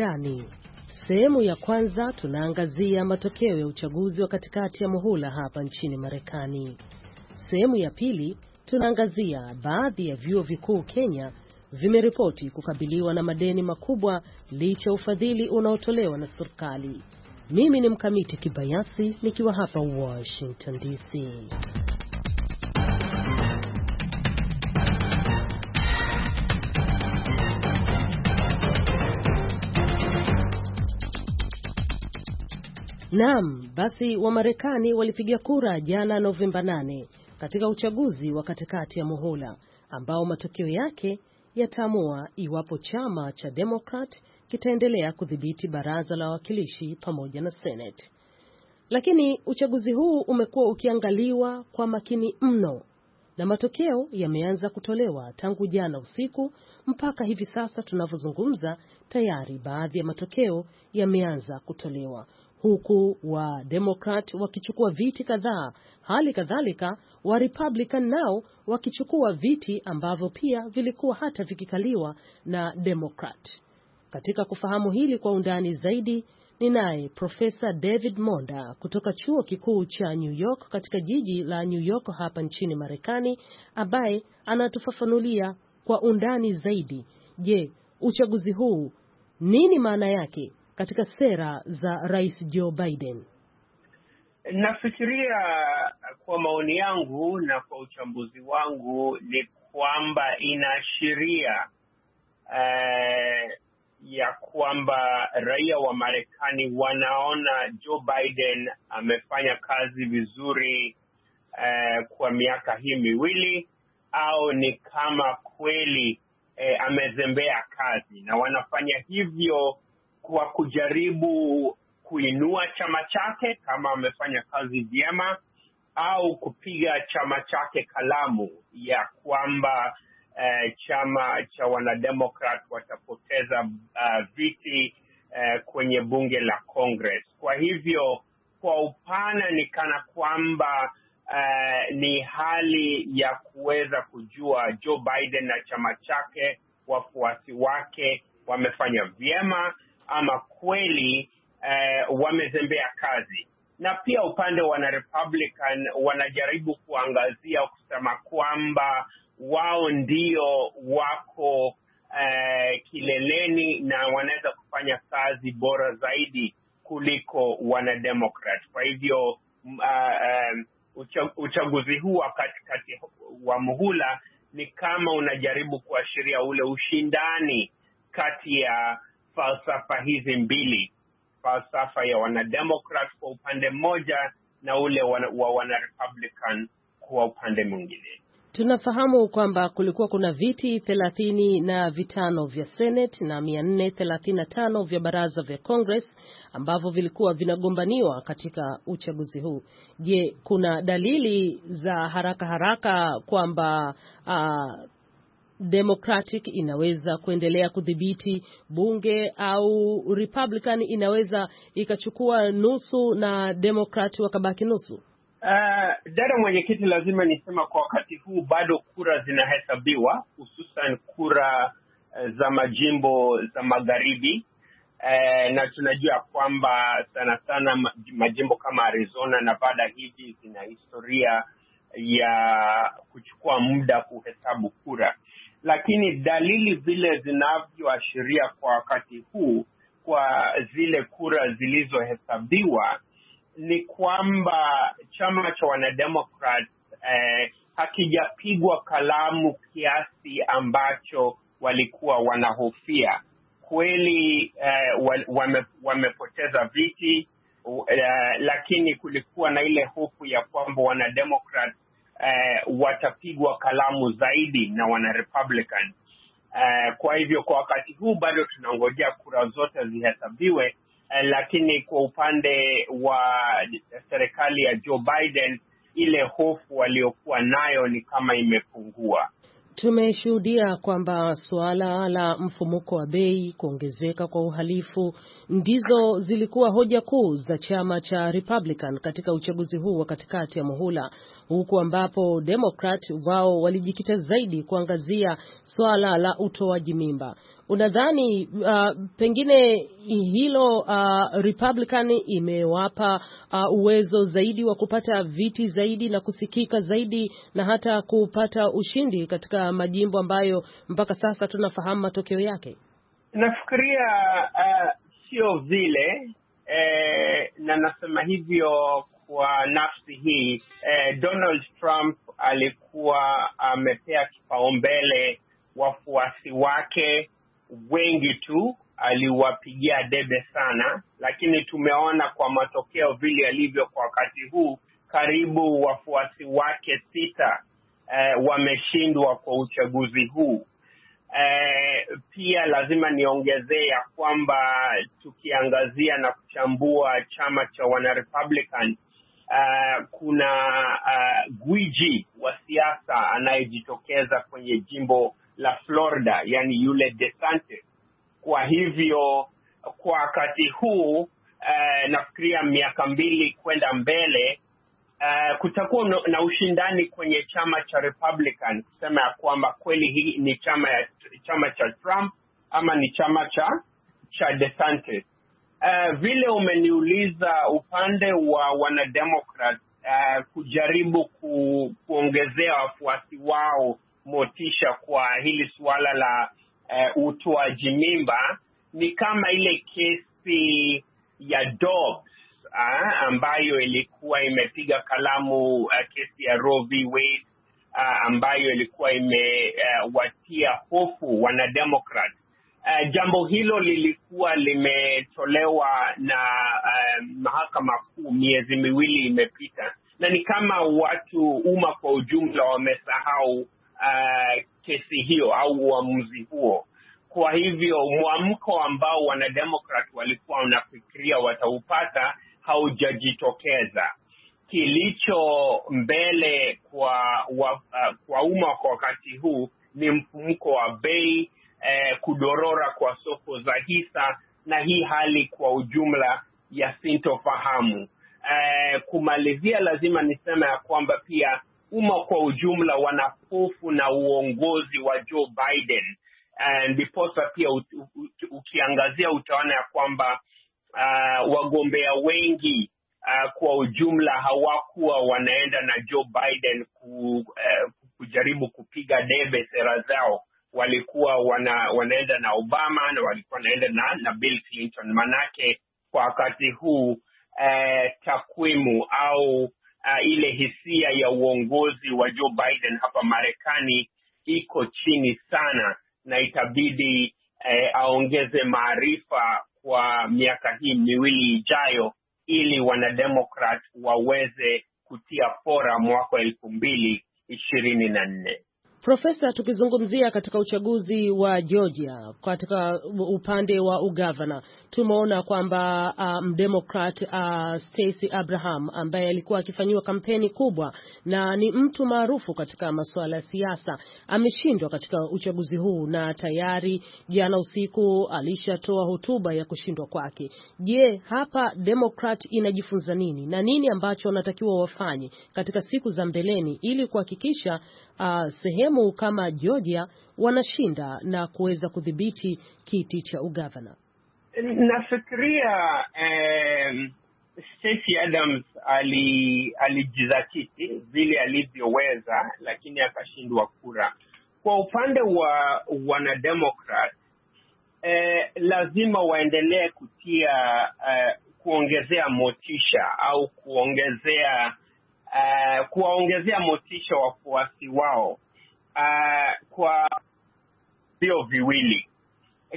undani. Sehemu ya kwanza tunaangazia matokeo ya uchaguzi wa katikati ya muhula hapa nchini Marekani. Sehemu ya pili tunaangazia baadhi ya vyuo vikuu Kenya vimeripoti kukabiliwa na madeni makubwa licha ya ufadhili unaotolewa na serikali. Mimi ni Mkamiti Kibayasi nikiwa hapa Washington DC. Naam, basi Wamarekani walipiga kura jana Novemba 8 katika uchaguzi wa katikati ya muhula ambao matokeo yake yataamua iwapo chama cha Demokrat kitaendelea kudhibiti baraza la wawakilishi pamoja na Senate. Lakini uchaguzi huu umekuwa ukiangaliwa kwa makini mno na matokeo yameanza kutolewa tangu jana usiku mpaka hivi sasa tunavyozungumza, tayari baadhi ya matokeo yameanza kutolewa huku wa Democrat wakichukua viti kadhaa, hali kadhalika wa Republican nao wakichukua viti ambavyo pia vilikuwa hata vikikaliwa na Democrat. Katika kufahamu hili kwa undani zaidi ni naye Profesa David Monda kutoka chuo kikuu cha New York katika jiji la New York hapa nchini Marekani, ambaye anatufafanulia kwa undani zaidi. Je, uchaguzi huu nini maana yake katika sera za Rais Joe Biden? Nafikiria kwa maoni yangu na kwa uchambuzi wangu ni kwamba inaashiria uh, ya kwamba raia wa Marekani wanaona Joe Biden amefanya kazi vizuri uh, kwa miaka hii miwili au ni kama kweli eh, amezembea kazi, na wanafanya hivyo kwa kujaribu kuinua chama chake kama amefanya kazi vyema au kupiga chama chake kalamu ya kwamba eh, chama cha wanademokrat watapoteza uh, viti eh, kwenye bunge la Congress. Kwa hivyo kwa upana ni kana kwamba Uh, ni hali ya kuweza kujua Joe Biden na chama chake, wafuasi wake wamefanya vyema ama kweli eh, wamezembea kazi. Na pia upande wa Republican wanajaribu kuangazia kusema kwamba wao ndio wako eh, kileleni na wanaweza kufanya kazi bora zaidi kuliko wanademokrat. Kwa hivyo uh, um, uchaguzi huu wa katikati wa muhula ni kama unajaribu kuashiria ule ushindani kati ya falsafa hizi mbili, falsafa ya wanademokrat kwa upande mmoja na ule wana, wa wanarepublican kwa upande mwingine. Tunafahamu kwamba kulikuwa kuna viti thelathini na vitano vya Senate na mia nne thelathini na tano vya baraza vya Congress ambavyo vilikuwa vinagombaniwa katika uchaguzi huu. Je, kuna dalili za haraka haraka kwamba uh, Democratic inaweza kuendelea kudhibiti bunge au Republican inaweza ikachukua nusu na Democrat wakabaki nusu? Uh, dada mwenyekiti, lazima nisema kwa wakati huu bado kura zinahesabiwa, hususan kura eh, za majimbo za magharibi uh, na tunajua kwamba sana sana majimbo kama Arizona na baada hivi zina historia ya kuchukua muda kuhesabu kura lakini dalili vile zinavyoashiria kwa wakati huu kwa zile kura zilizohesabiwa ni kwamba chama cha wanademokrat eh, hakijapigwa kalamu kiasi ambacho walikuwa wanahofia. Kweli eh, wame, wamepoteza viti eh, lakini kulikuwa na ile hofu ya kwamba wanademokrat eh, watapigwa kalamu zaidi na wanarepublican eh, kwa hivyo kwa wakati huu bado tunangojea kura zote zihesabiwe eh, lakini kwa upande wa serikali ya Joe Biden ile hofu waliokuwa nayo ni kama imepungua. Tumeshuhudia kwamba suala la mfumuko wa bei, kuongezeka kwa uhalifu ndizo zilikuwa hoja kuu za chama cha Republican katika uchaguzi huu wa katikati ya muhula, huku ambapo Democrat wao walijikita zaidi kuangazia swala la utoaji mimba. Unadhani uh, pengine hilo uh, Republican imewapa uh, uwezo zaidi wa kupata viti zaidi na kusikika zaidi na hata kupata ushindi katika majimbo ambayo mpaka sasa tunafahamu matokeo yake? Nafikiria uh, sio vile eh, na nasema hivyo kwa nafsi hii eh, Donald Trump alikuwa amepea kipaumbele wafuasi wake wengi tu, aliwapigia debe sana, lakini tumeona kwa matokeo vile yalivyo kwa wakati huu, karibu wafuasi wake sita eh, wameshindwa kwa uchaguzi huu eh, pia lazima niongezee ya kwamba tukiangazia na kuchambua chama cha wanarepublican uh, eh, kuna uh, gwiji wa siasa anayejitokeza kwenye jimbo la Florida, yani yule DeSantis. Kwa hivyo kwa wakati huu uh, nafikiria miaka mbili kwenda mbele uh, kutakuwa na ushindani kwenye chama cha Republican kusema ya kwamba kweli hii ni chama ya chama cha Trump ama ni chama cha cha DeSantis. Uh, vile umeniuliza upande wa wanademokrat uh, kujaribu ku, kuongezea wafuasi wao motisha kwa hili suala la uh, utoaji mimba ni kama ile kesi ya Dobbs uh, ambayo ilikuwa imepiga kalamu uh, kesi ya Roe v. Wade uh, ambayo ilikuwa imewatia uh, hofu wanademokrat. Uh, jambo hilo lilikuwa limetolewa na uh, mahakama kuu miezi miwili imepita, na ni kama watu umma kwa ujumla wamesahau uh, kesi hiyo au uamuzi huo. Kwa hivyo mwamko ambao wanademokrat walikuwa wanafikiria wataupata haujajitokeza. Kilicho mbele kwa wa, uh, kwa umma kwa wakati huu ni mfumko wa bei eh, kudorora kwa soko za hisa na hii hali kwa ujumla ya sintofahamu. Eh, kumalizia, lazima niseme ya kwamba pia umma kwa ujumla wanapofu na uongozi wa Joe Biden, eh, ndiposa pia ukiangazia utaona ya kwamba uh, wagombea wengi uh, kwa ujumla hawakuwa wanaenda na Joe Biden ku, uh, kujaribu kupiga debe sera zao walikuwa wana, wanaenda na Obama na walikuwa wanaenda na, na Bill Clinton. Manake kwa wakati huu uh, takwimu au uh, ile hisia ya uongozi wa Joe Biden hapa Marekani iko chini sana, na itabidi eh, aongeze maarifa kwa miaka hii miwili ijayo ili wanademokrat waweze kutia fora mwaka wa elfu mbili ishirini na nne. Profesa, tukizungumzia katika uchaguzi wa Georgia katika upande wa ugavana tumeona kwamba mdemokrat uh, mdemokrat uh, Stacey Abraham ambaye alikuwa akifanyiwa kampeni kubwa na ni mtu maarufu katika masuala ya siasa ameshindwa katika uchaguzi huu, na tayari jana usiku alishatoa hotuba ya kushindwa kwake. Je, hapa demokrat inajifunza nini na nini ambacho wanatakiwa wafanye katika siku za mbeleni ili kuhakikisha uh, sehemu kama Georgia wanashinda na kuweza kudhibiti kiti cha ugavana? Nafikiria eh, Stacey Adams ali, alijizatiti vile alivyoweza, lakini akashindwa kura. Kwa upande wa wanademokrat eh, lazima waendelee kutia eh, kuongezea motisha au kuongezea uh, kuwaongezea motisha wafuasi wao uh, kwa vio viwili.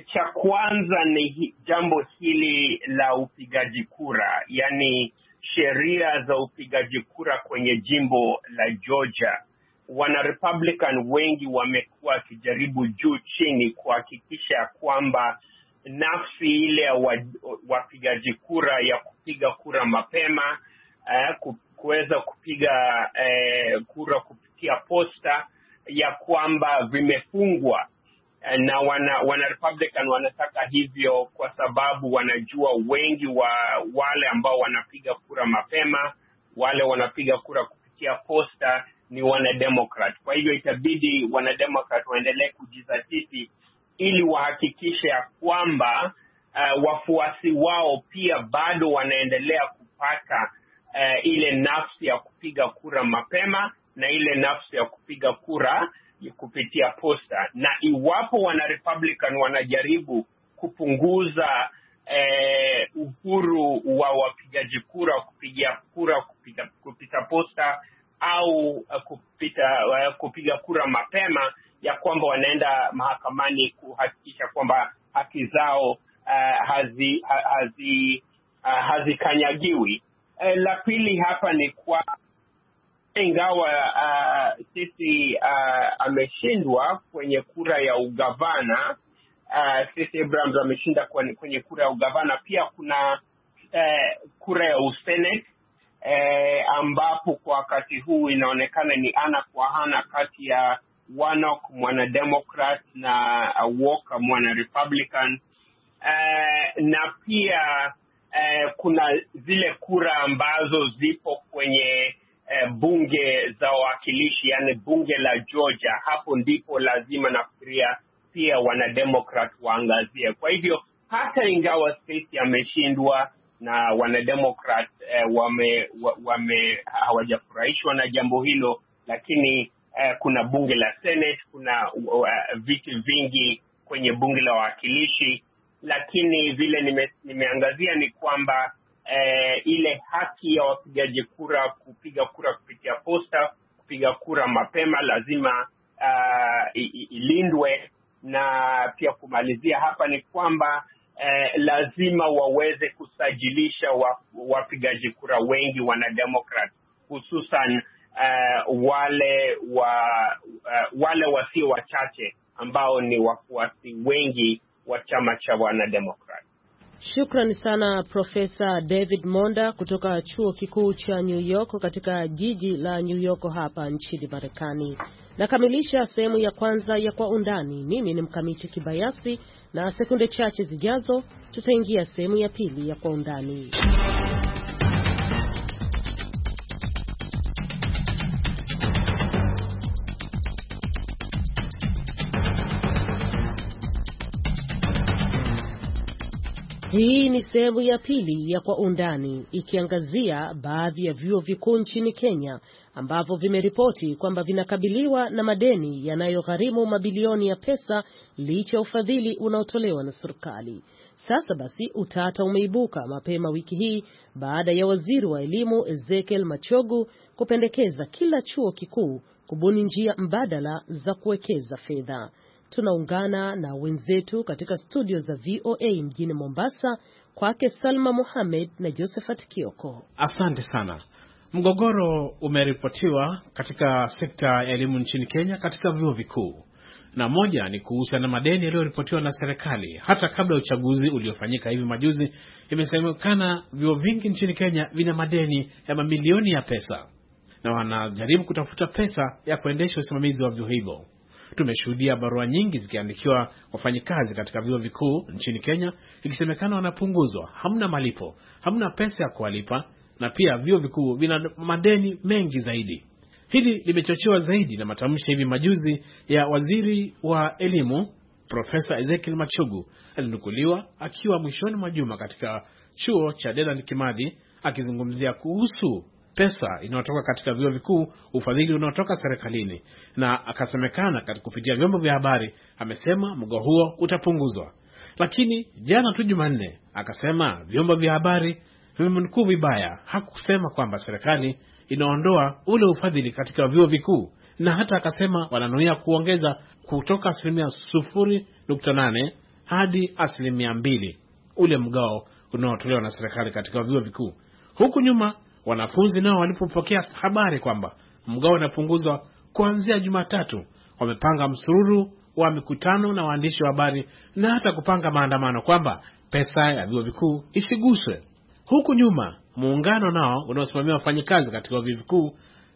Cha kwanza ni jambo hili la upigaji kura, yaani sheria za upigaji kura kwenye jimbo la Georgia. Wana Republican wengi wamekuwa wakijaribu juu chini kuhakikisha kwamba nafsi ile ya wapigaji kura ya kupiga kura mapema, uh, kuweza kupiga eh, kura kupitia posta ya kwamba vimefungwa eh, na wana, wana Republican wanataka hivyo kwa sababu wanajua wengi wa wale ambao wanapiga kura mapema, wale wanapiga kura kupitia posta ni wanademokrat. Kwa hivyo itabidi wanademokrat waendelee kujizatiti ili wahakikishe ya kwamba uh, wafuasi wao pia bado wanaendelea kupata uh, ile nafsi ya kupiga kura mapema na ile nafsi ya kupiga kura kupitia posta, na iwapo wana Republican wanajaribu kupunguza eh, uhuru wa wapigaji kura kupiga kura kupita, kupita posta au eh, kupita, eh, kupiga kura mapema, ya kwamba wanaenda mahakamani kuhakikisha kwamba haki zao uh, hazikanyagiwi hazi, uh, hazi eh, la pili hapa ni kwa ingawa uh, sisi uh, ameshindwa kwenye kura ya ugavana uh, sisi Abrams ameshinda kwenye kura ya ugavana, pia kuna uh, kura ya usenet uh, eh, ambapo kwa wakati huu inaonekana ni ana kwa hana kati ya Warnock mwanademokrat na Walker mwana republican uh, eh, na pia eh, kuna zile kura ambazo zipo kwenye eh, bunge za wawakilishi, yani bunge la Georgia. Hapo ndipo lazima nafikiria pia wanademokrat waangazie. Kwa hivyo hata ingawa Stacey ameshindwa na wanademokrat eh, wame, wame hawajafurahishwa na jambo hilo, lakini eh, kuna bunge la Senate, kuna uh, viti vingi kwenye bunge la wawakilishi lakini vile nime, nimeangazia ni kwamba eh, ile haki ya wapigaji kura kupiga kura kupitia posta, kupiga kura mapema lazima uh, ilindwe, na pia kumalizia hapa ni kwamba eh, lazima waweze kusajilisha wapigaji kura wengi wanademokrat hususan uh, wale wa uh, wale wasio wachache ambao ni wafuasi wengi wa chama cha wanademokrat Shukrani sana Profesa David Monda kutoka chuo kikuu cha New York katika jiji la New York hapa nchini Marekani. Nakamilisha sehemu ya kwanza ya Kwa Undani. Mimi ni Mkamiti Kibayasi, na sekunde chache zijazo tutaingia sehemu ya pili ya Kwa Undani. Hii ni sehemu ya pili ya Kwa Undani, ikiangazia baadhi ya vyuo vikuu nchini Kenya ambavyo vimeripoti kwamba vinakabiliwa na madeni yanayogharimu mabilioni ya pesa licha ya ufadhili unaotolewa na serikali. Sasa basi, utata umeibuka mapema wiki hii baada ya waziri wa elimu Ezekiel Machogu kupendekeza kila chuo kikuu kubuni njia mbadala za kuwekeza fedha tunaungana na wenzetu katika studio za VOA mjini Mombasa, kwake Salma Mohamed na Josephat Kioko. Asante sana. Mgogoro umeripotiwa katika sekta ya elimu nchini Kenya katika vyuo vikuu, na moja ni kuhusiana na madeni yaliyoripotiwa na serikali hata kabla ya uchaguzi uliofanyika hivi majuzi. Imesemekana vyuo vingi nchini Kenya vina madeni ya mamilioni ya pesa na wanajaribu kutafuta pesa ya kuendesha usimamizi wa vyuo hivyo. Tumeshuhudia barua nyingi zikiandikiwa wafanyikazi katika vyuo vikuu nchini Kenya, ikisemekana wanapunguzwa, hamna malipo, hamna pesa ya kuwalipa, na pia vyuo vikuu vina madeni mengi zaidi. Hili limechochewa zaidi na matamshi hivi majuzi ya waziri wa elimu Profesa Ezekiel Machogu, alinukuliwa akiwa mwishoni mwa juma katika chuo cha Dedan Kimathi akizungumzia kuhusu pesa inayotoka katika vyuo vikuu, ufadhili unaotoka serikalini, na akasemekana kupitia vyombo vya habari amesema mgao huo utapunguzwa. Lakini jana tu Jumanne akasema vyombo vya habari vimemnukuu vibaya. Hakusema kwamba serikali inaondoa ule ufadhili katika vyuo vikuu, na hata akasema wananuia kuongeza kutoka asilimia sufuri nukta nane hadi asilimia mbili ule mgao unaotolewa na serikali katika vyuo vikuu. Huku nyuma Wanafunzi nao walipopokea habari kwamba mgao unapunguzwa kuanzia Jumatatu, wamepanga msururu wa mikutano na waandishi wa habari na hata kupanga maandamano kwamba pesa ya vyuo vikuu isiguswe. Huku nyuma, muungano nao unaosimamia wafanyikazi katika vyuo vikuu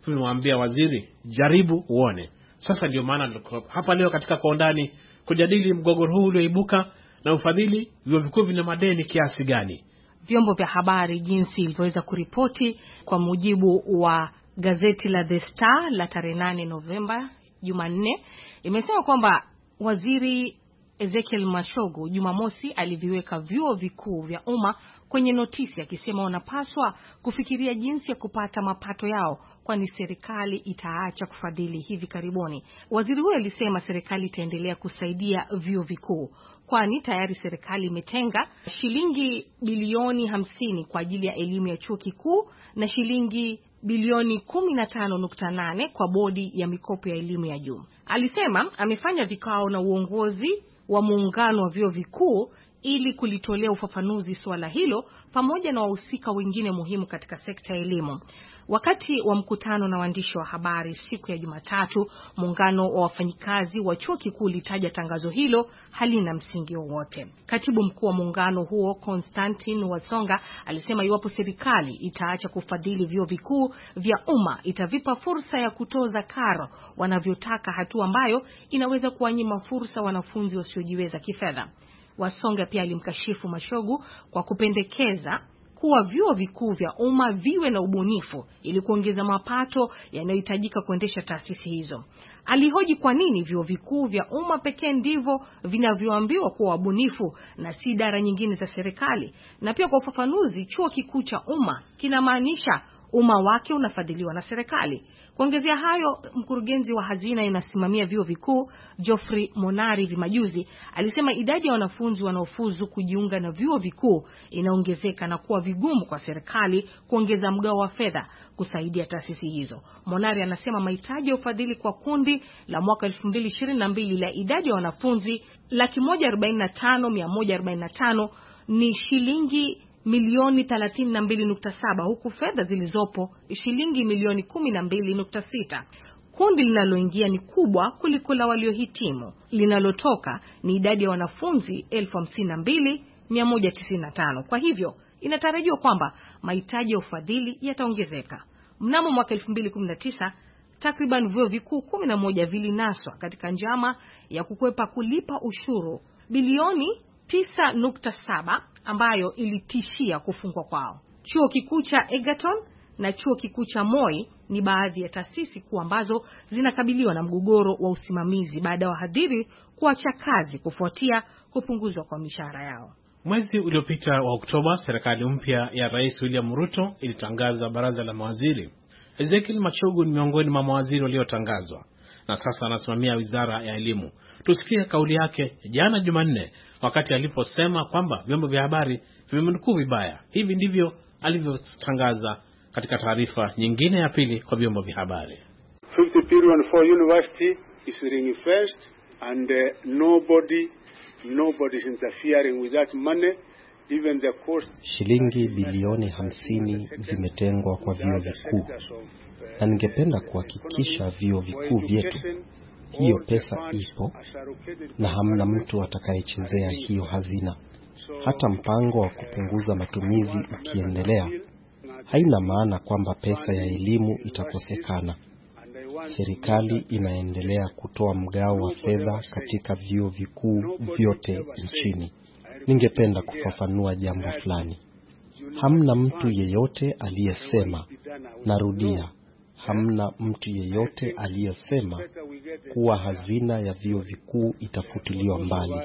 vimemwambia waziri, jaribu uone. Sasa ndio maana hapa leo katika Kwa Undani kujadili mgogoro huu ulioibuka na ufadhili, vyuo vikuu vina madeni kiasi gani, vyombo vya habari jinsi ilivyoweza kuripoti kwa mujibu wa gazeti la The Star la tarehe 8 Novemba Jumanne, imesema kwamba waziri Ezekiel Mashogu Jumamosi aliviweka vyuo vikuu vya umma kwenye notisi akisema wanapaswa kufikiria jinsi ya kupata mapato yao kwani serikali itaacha kufadhili hivi karibuni. Waziri huyo alisema serikali itaendelea kusaidia vyuo vikuu kwani tayari serikali imetenga shilingi bilioni hamsini kwa ajili ya elimu ya chuo kikuu na shilingi bilioni 15.8 kwa bodi ya mikopo ya elimu ya juu. Alisema amefanya vikao na uongozi wa muungano wa vyuo vikuu ili kulitolea ufafanuzi suala hilo pamoja na wahusika wengine muhimu katika sekta ya elimu. Wakati wa mkutano na waandishi wa habari siku ya Jumatatu, muungano wa wafanyikazi wa chuo kikuu ulitaja tangazo hilo halina msingi wowote. Katibu mkuu wa muungano huo Konstantin Wasonga alisema iwapo serikali itaacha kufadhili vyuo vikuu vya umma itavipa fursa ya kutoza karo wanavyotaka, hatua ambayo inaweza kuwanyima fursa wanafunzi wasiojiweza kifedha. Wasonga pia alimkashifu Mashogu kwa kupendekeza kuwa vyuo vikuu vya umma viwe na ubunifu ili kuongeza mapato yanayohitajika kuendesha taasisi hizo. Alihoji kwa nini vyuo vikuu vya umma pekee ndivyo vinavyoambiwa kuwa wabunifu na si idara nyingine za serikali, na pia kwa ufafanuzi, chuo kikuu cha umma kinamaanisha umma wake unafadhiliwa na serikali. Kuongezea hayo, mkurugenzi wa hazina inasimamia vyuo vikuu Geoffrey Monari vimajuzi alisema idadi ya wanafunzi wanaofuzu kujiunga na vyuo vikuu inaongezeka na kuwa vigumu kwa serikali kuongeza mgao wa fedha kusaidia taasisi hizo. Monari anasema mahitaji ya ufadhili kwa kundi la mwaka 2022 la idadi ya wanafunzi laki moja arobaini na tano mia moja arobaini na tano ni shilingi milioni 32.7 huku fedha zilizopo shilingi milioni 12.6. Kundi linaloingia ni kubwa kuliko la waliohitimu. Linalotoka ni idadi ya wanafunzi 52,195. Kwa hivyo inatarajiwa kwamba mahitaji ya ufadhili yataongezeka. Mnamo mwaka 2019 takriban vyuo vikuu 11 vilinaswa katika njama ya kukwepa kulipa ushuru bilioni 9.7 ambayo ilitishia kufungwa kwao. Chuo kikuu cha Egerton na chuo kikuu cha Moi ni baadhi ya taasisi kuu ambazo zinakabiliwa na mgogoro wa usimamizi baada ya wahadhiri kuacha kazi kufuatia kupunguzwa kwa mishahara yao. Mwezi uliopita wa Oktoba, serikali mpya ya Rais William Ruto ilitangaza baraza la mawaziri. Ezekiel Machogu ni miongoni mwa mawaziri waliotangazwa na sasa anasimamia wizara ya elimu. Tusikie kauli yake jana Jumanne wakati aliposema kwamba vyombo vya habari vimenukuu vibaya. Hivi ndivyo alivyotangaza katika taarifa nyingine ya pili kwa vyombo vya habari. Uh, nobody, nobody is interfering with that money. Shilingi bilioni hamsini zimetengwa kwa vyuo vikuu, na ningependa kuhakikisha vyuo vikuu vyetu hiyo pesa ipo na hamna mtu atakayechezea hiyo hazina. Hata mpango wa kupunguza matumizi ukiendelea, haina maana kwamba pesa ya elimu itakosekana. Serikali inaendelea kutoa mgao wa fedha katika vyuo vikuu vyote nchini. Ningependa kufafanua jambo fulani. Hamna mtu yeyote aliyesema, narudia, hamna mtu yeyote aliyesema kuwa hazina ya vyuo vikuu itafutiliwa mbali.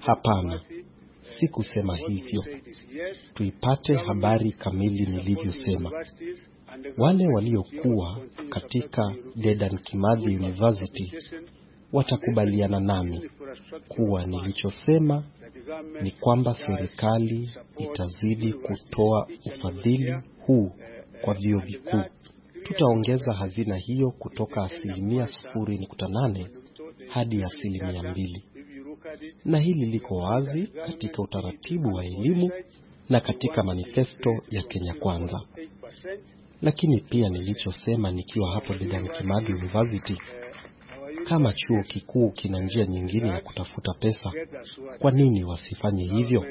Hapana, si kusema hivyo. Tuipate habari kamili nilivyosema. Wale waliokuwa katika Dedan Kimathi University watakubaliana nami kuwa nilichosema ni kwamba serikali itazidi kutoa ufadhili huu kwa vyuo vikuu. Tutaongeza hazina hiyo kutoka asilimia 0.8 hadi asilimia mbili, na hili liko wazi katika utaratibu wa elimu na katika manifesto ya Kenya Kwanza. Lakini pia nilichosema nikiwa hapo Dedan Kimathi University kama chuo kikuu kina njia nyingine ya kutafuta pesa, kwa nini wasifanye hivyo?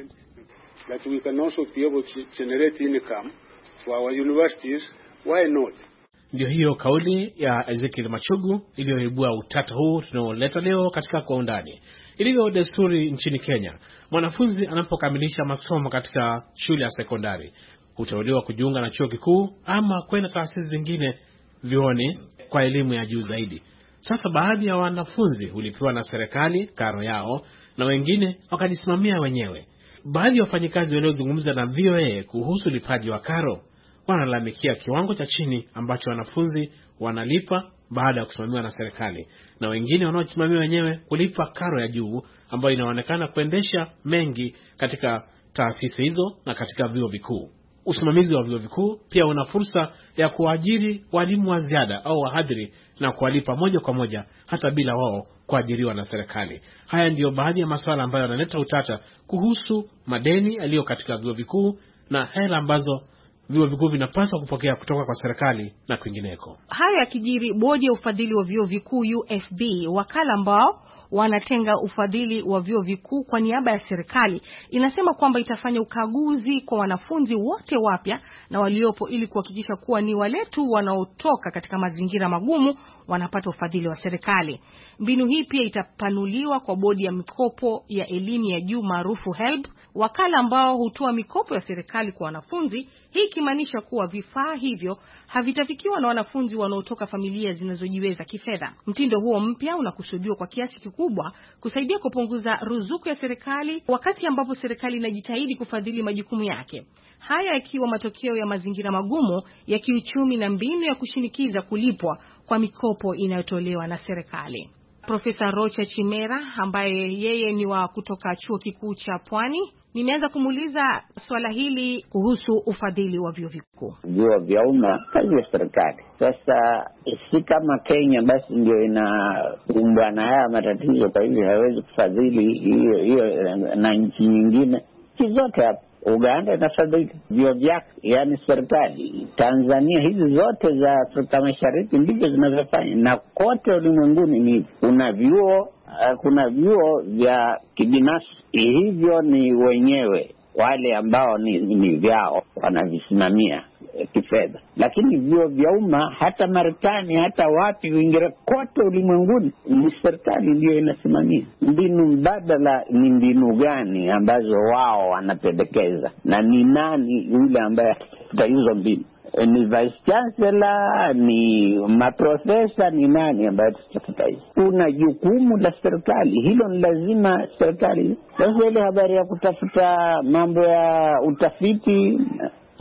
Ndio hiyo kauli ya Ezekiel Machugu iliyoibua utata huu tunaoleta leo katika kwa undani. Ilivyo desturi nchini Kenya, mwanafunzi anapokamilisha masomo katika shule ya sekondari huteuliwa kujiunga na chuo kikuu ama kwenda taasisi zingine vioni kwa elimu ya juu zaidi. Sasa baadhi ya wanafunzi hulipiwa na serikali karo yao na wengine wakajisimamia wenyewe. Baadhi ya wafanyikazi waliozungumza na VOA kuhusu ulipaji wa karo wanalalamikia kiwango cha chini ambacho wanafunzi wanalipa baada ya kusimamiwa na serikali, na wengine wanaosimamia wenyewe kulipa karo ya juu ambayo inaonekana kuendesha mengi katika taasisi hizo na katika vyuo vikuu usimamizi wa vyuo vikuu pia una fursa ya kuwaajiri walimu wa ziada au wahadhiri na kuwalipa moja kwa moja hata bila wao kuajiriwa na serikali. Haya ndiyo baadhi ya masuala ambayo yanaleta utata kuhusu madeni yaliyo katika vyuo vikuu na hela ambazo vyuo vikuu vinapaswa kupokea kutoka kwa serikali na kwingineko. Hayo yakijiri, bodi ya ufadhili wa vyuo vikuu UFB, wakala ambao wanatenga ufadhili wa vyuo vikuu kwa niaba ya serikali. Inasema kwamba itafanya ukaguzi kwa wanafunzi wote wapya na waliopo ili kuhakikisha kuwa ni wale tu wanaotoka katika mazingira magumu wanapata ufadhili wa serikali. Mbinu hii pia itapanuliwa kwa bodi ya mikopo ya elimu ya juu maarufu HELB wakala ambao hutoa mikopo ya serikali kwa wanafunzi, hii ikimaanisha kuwa vifaa hivyo havitafikiwa na wanafunzi wanaotoka familia zinazojiweza kifedha. Mtindo huo mpya unakusudiwa kwa kiasi kikubwa kusaidia kupunguza ruzuku ya serikali, wakati ambapo serikali inajitahidi kufadhili majukumu yake, haya yakiwa matokeo ya mazingira magumu ya kiuchumi na mbinu ya kushinikiza kulipwa kwa mikopo inayotolewa na serikali. Profesa Rocha Chimera ambaye yeye ni wa kutoka Chuo Kikuu cha Pwani Nimeanza kumuuliza swala hili kuhusu ufadhili wa vyuo vikuu, vyuo vya umma, kazi ya serikali. Sasa si kama Kenya basi ndio inakumbwa na haya matatizo, kwa hivyo hawezi kufadhili hiyo hiyo, na nchi nyingine nchi zote hapa Uganda inafadhili vyuo vyake, yaani serikali. Tanzania, hizi zote za Afrika Mashariki ndivyo zinavyofanya, na kote ulimwenguni ni kuna vyuo Eh, kuna vyuo vya kibinafsi, hivyo ni wenyewe wale ambao ni, ni vyao wanavisimamia eh, kifedha, lakini vyuo vya umma hata Marekani, hata wapi uingira kote ulimwenguni ni serikali ndiyo inasimamia. Mbinu mbadala ni mbinu gani ambazo wao wanapendekeza na ni nani yule ambaye atafuta hizo mbinu? ni vice chancellor, ni maprofesa, ni nani ambayo tutatafuta hizi. Kuna jukumu la serikali, hilo ni lazima serikali. Sasa ile habari ya kutafuta mambo ya utafiti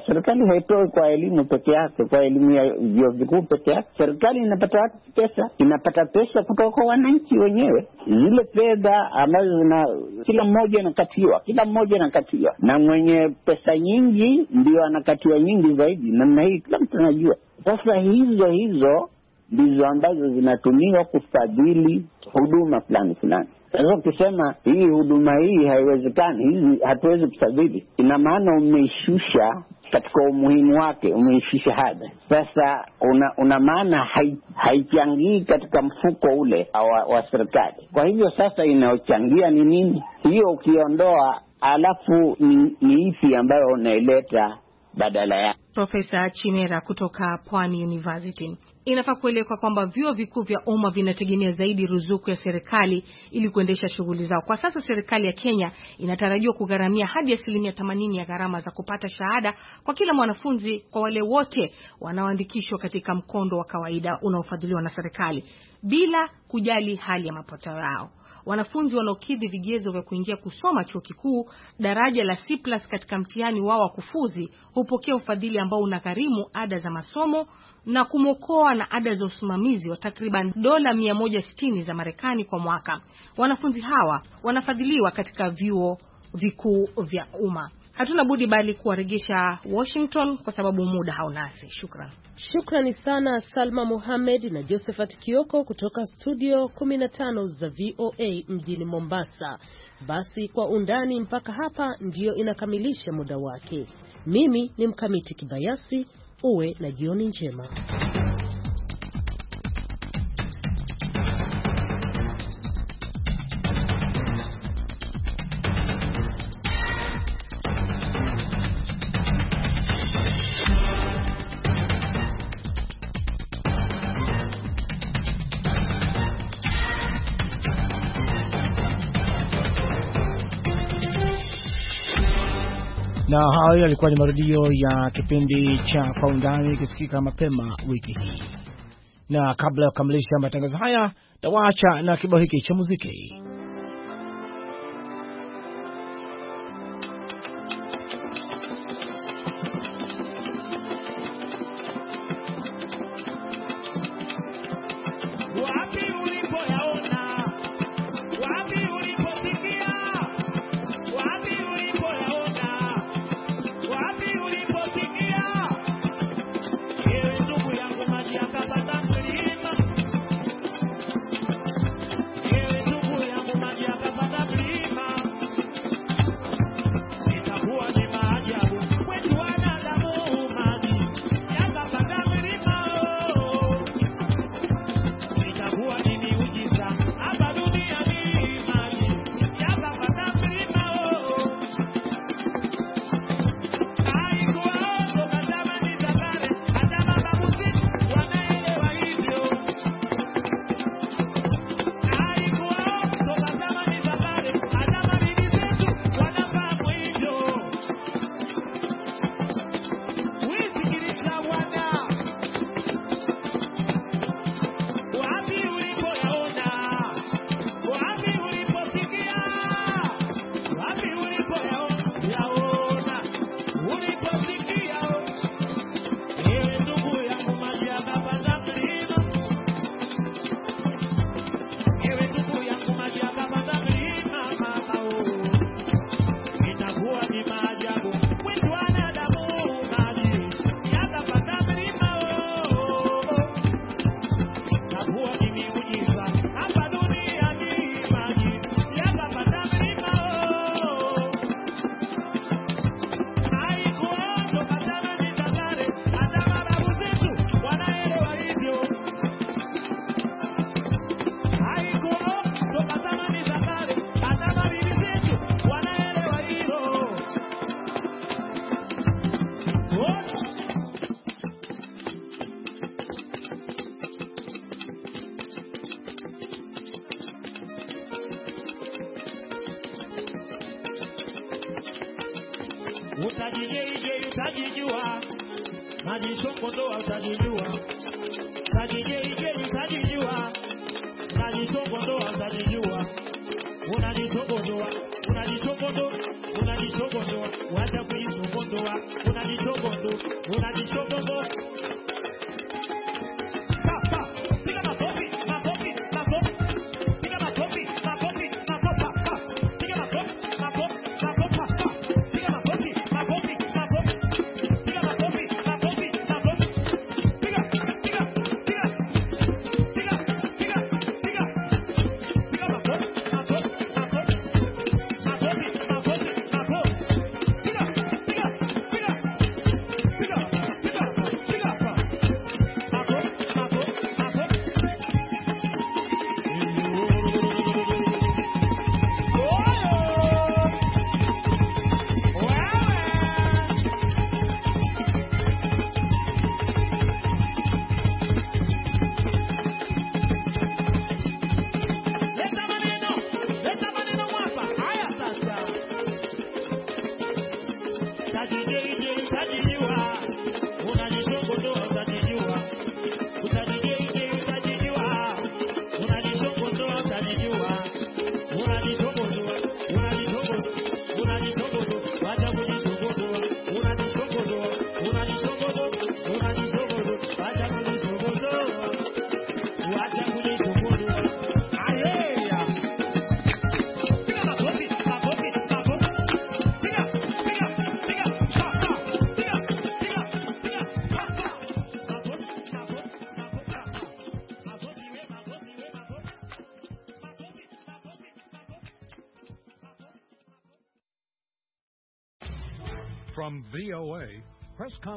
serikali haitoi kwa elimu peke yake, kwa elimu ya vyuo vikuu peke yake. Serikali inapata wapi pesa? Inapata pesa kutoka kwa wananchi wenyewe, zile fedha ambazo zina, kila mmoja anakatiwa, kila mmoja anakatiwa, na mwenye pesa nyingi ndio anakatiwa nyingi zaidi. Namna hii kila mtu anajua. Sasa hizo hizo ndizo ambazo zinatumiwa kufadhili huduma fulani fulani. Sasa ukisema hii huduma hii haiwezekani, hizi hatuwezi kufadhili, ina maana umeishusha katika umuhimu wake umeishi shahada. Sasa una, una maana haichangii hai katika mfuko ule wa, wa serikali. Kwa hivyo sasa inayochangia ni nini? Hiyo ukiondoa, alafu ni, ni ipi ambayo unaileta badala yake? Profesa Chimera kutoka Pwani University. Inafaa kuelekwa kwamba vyuo vikuu vya umma vinategemea zaidi ruzuku ya serikali ili kuendesha shughuli zao. Kwa sasa serikali ya Kenya inatarajiwa kugharamia hadi asilimia themanini ya gharama za kupata shahada kwa kila mwanafunzi kwa wale wote wanaoandikishwa katika mkondo wa kawaida unaofadhiliwa na serikali bila kujali hali ya mapato yao. Wanafunzi wanaokidhi vigezo vya kuingia kusoma chuo kikuu daraja la C+ katika mtihani wao wa kufuzi hupokea ufadhili ambao unagharimu ada za masomo na kumwokoa na ada za usimamizi wa takriban dola 160 za Marekani kwa mwaka. Wanafunzi hawa wanafadhiliwa katika vyuo vikuu vya umma hatuna budi bali kuwarejesha Washington kwa sababu muda haunasi. Shukran, shukrani sana Salma muhamed na Josephat Kioko kutoka studio 15 za VOA mjini Mombasa. Basi kwa undani mpaka hapa ndiyo inakamilisha muda wake. Mimi ni Mkamiti Kibayasi, uwe na jioni njema. Na hayo yalikuwa ni marudio ya kipindi cha Kwa Undani ikisikika mapema wiki hii, na kabla ya kukamilisha matangazo haya, nawaacha na kibao hiki cha muziki.